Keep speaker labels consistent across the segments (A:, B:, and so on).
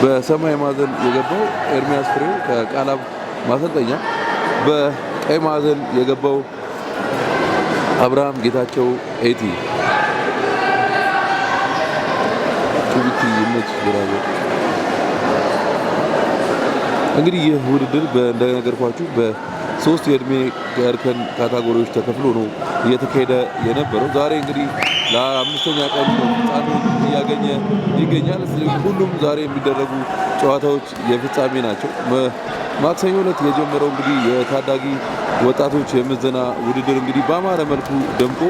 A: በሰማይ ማዕዘን የገባው ኤርሚያስ ፍሬው ከቃላብ ማሰልጠኛ፣ በቀይ ማዕዘን የገባው አብርሃም ጌታቸው ኤቲ እንግዲህ ይህ ውድድር እንደነገርኳችሁ ሶስት የእድሜ እርከን ካታጎሪዎች ተከፍሎ ነው እየተካሄደ የነበረው። ዛሬ እንግዲህ ለአምስተኛ ቀን ፍጻሜ እያገኘ ይገኛል። ሁሉም ዛሬ የሚደረጉ ጨዋታዎች የፍጻሜ ናቸው። ማክሰኞ ዕለት የጀመረው እንግዲህ የታዳጊ ወጣቶች የምዘና ውድድር እንግዲህ በአማረ መልኩ ደምቆ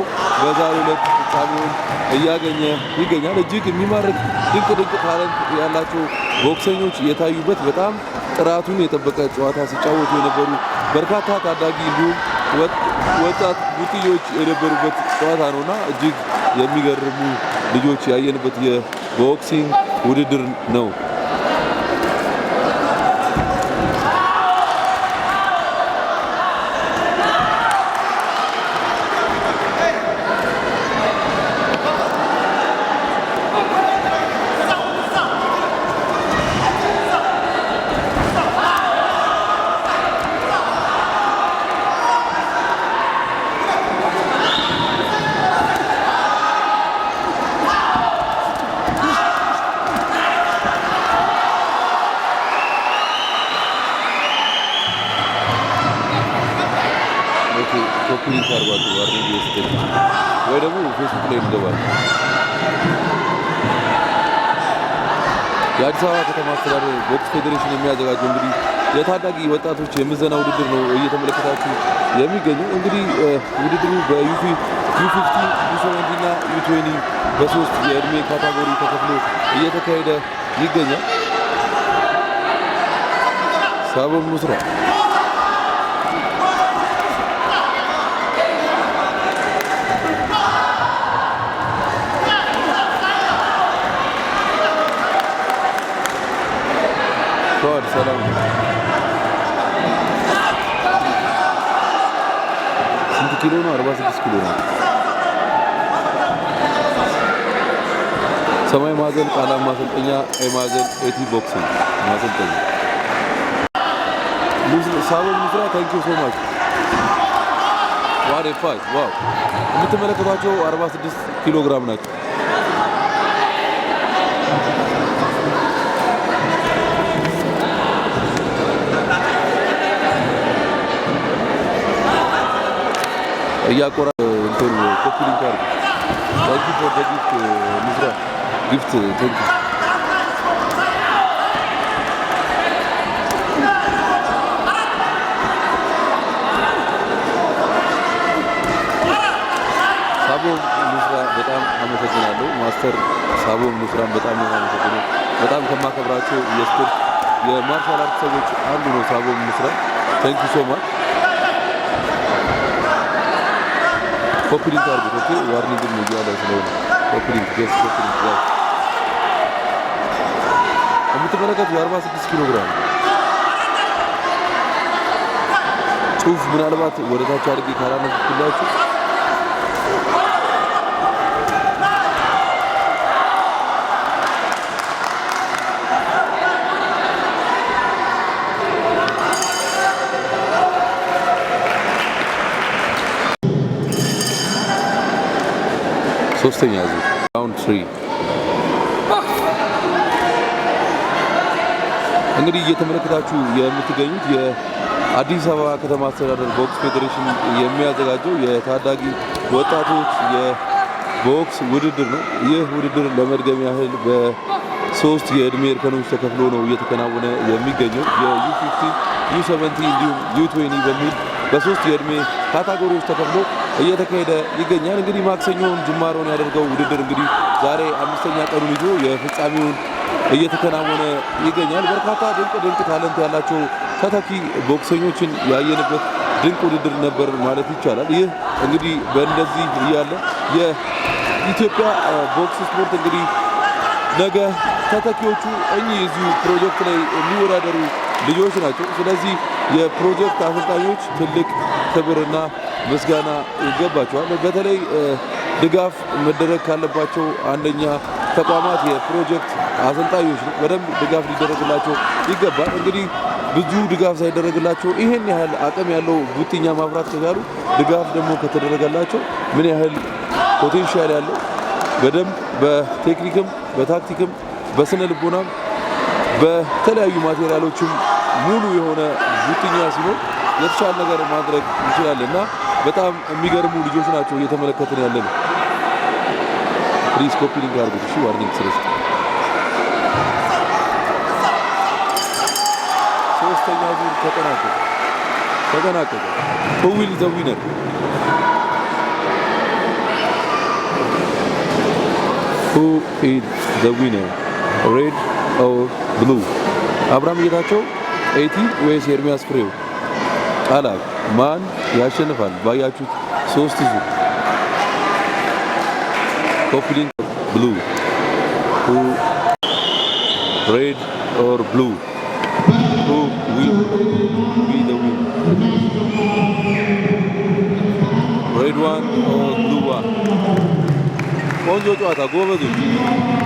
A: በዛሬ ዕለት ፍጻሜውን እያገኘ ይገኛል። እጅግ የሚማርክ ድንቅ ድንቅ ታለንት ያላቸው ቦክሰኞች የታዩበት በጣም ጥራቱን የጠበቀ ጨዋታ ሲጫወቱ የነበሩ በርካታ ታዳጊ እንዲሁም ወጣት ጉጥዮች የነበሩበት ጨዋታ ነውና እጅግ የሚገርሙ ልጆች ያየንበት የቦክሲንግ ውድድር ነው። ፕሪንት አድርጓቸው ጋር ወስደን ወይ ደግሞ ፌስቡክ ላይ ይገባል። የአዲስ አበባ ከተማ አስተዳደር ቦክስ ፌዴሬሽን የሚያዘጋጀው እንግዲህ የታዳጊ ወጣቶች የምዘና ውድድር ነው እየተመለከታችሁ የሚገኙ እንግዲህ ውድድሩ በዩፊ ዩ ዩ7 እና ዩ20 በሶስት የእድሜ ካታጎሪ ተከፍሎ እየተካሄደ ይገኛል። ሰበብ ሙስራ selam. ስንት ኪሎ ነው? 46 ኪሎ ነው። ሰማይ ማዕዘን ቃላም ማሰልጠኛ የማዕዘን ኤቲ ቦክስ ነው ማሰልጠኛ ሳበን ምስራ ታንኪ ሶ ማች ዋት ፋይት ዋው! የምትመለከቷቸው 46 ኪሎ ግራም ናቸው። እያቆራ እንትን ኮፒ አድርጉ። ታንኪ ፎር ዘ ጊፍት ጊፍት ታንኪ ሳቦ በጣም አመሰግናለሁ። ማስተር ሳቦ በጣም አመሰግናለሁ። በጣም ከማከብራቸው የስፖርት የማርሻል አርት ሰዎች አንዱ ነው ሳቦ ታንኪ ሶ ማች ኮፒሊንግ አድርጉት። ኦኬ ዋርኒንግ ነው ያለው ስለሆነ ኮፒሊንግ ጌስ ኮፒሊንግ ዋይ የምትመለከቱ የ46 ኪሎ ግራም ጽሁፍ ምናልባት ወደታች አድርጌ ካላነሱላችሁ ሶስተኛ ዙር ራውንድ ትሪ እንግዲህ እየተመለከታችሁ የምትገኙት የአዲስ አበባ ከተማ አስተዳደር ቦክስ ፌዴሬሽን የሚያዘጋጀው የታዳጊ ወጣቶች የቦክስ ውድድር ነው። ይህ ውድድር ለመድገም ያህል በሶስት የእድሜ እርከኖች ተከፍሎ ነው እየተከናወነ የሚገኘው የዩ ፊፍቲን፣ ዩ ሰቨንቲን እንዲሁም ዩ ትዌንቲ በሚል በሶስት የእድሜ ካታጎሪዎች ተከፍሎ እየተካሄደ ይገኛል። እንግዲህ ማክሰኞውን ጅማሮን ያደርገው ውድድር እንግዲህ ዛሬ አምስተኛ ቀኑን ይዞ የፍጻሜውን እየተከናወነ ይገኛል። በርካታ ድንቅ ድንቅ ታለንት ያላቸው ተተኪ ቦክሰኞችን ያየንበት ድንቅ ውድድር ነበር ማለት ይቻላል። ይህ እንግዲህ በእንደዚህ እያለ የኢትዮጵያ ቦክስ ስፖርት እንግዲህ ነገ ተተኪዎቹ እኚህ እዚሁ ፕሮጀክት ላይ የሚወዳደሩ ልጆች ናቸው። ስለዚህ የፕሮጀክት አሰልጣኞች ትልቅ ክብርና ምስጋና ይገባቸዋል። በተለይ ድጋፍ መደረግ ካለባቸው አንደኛ ተቋማት የፕሮጀክት አሰልጣኞች ነው። በደንብ ድጋፍ ሊደረግላቸው ይገባል። እንግዲህ ብዙ ድጋፍ ሳይደረግላቸው ይህን ያህል አቅም ያለው ቡጢኛ ማፍራት ከቻሉ ድጋፍ ደግሞ ከተደረገላቸው ምን ያህል ፖቴንሻል ያለው በደንብ በቴክኒክም በታክቲክም በስነ ልቦናም በተለያዩ ማቴሪያሎችም ሙሉ የሆነ ቡጢኛ ሲሆን የተሻለ ነገር ማድረግ ይችላል እና በጣም የሚገርሙ ልጆች ናቸው እየተመለከትን ያለ ነው። ሪስ ኮፒሊንግ አርጉት እሺ። ዋርኒንግ ስለስ ሶስተኛ ዙር ተጠናቀቀ ተጠናቀቀ። ዊል ዘ ዊነር who is the winner ሬድ ኦር ብሉ አብርሃም ጌታቸው ኤቲ ወይስ ኤርሚያስ ፍሬው? ጠላት ማን ያሸንፋል? ባያችሁት ሶስት ዙር ኮፕሊንግ ብሉ who red or blue who will be the winner red one or blue one ቆንጆ ጨዋታ ጎበዞች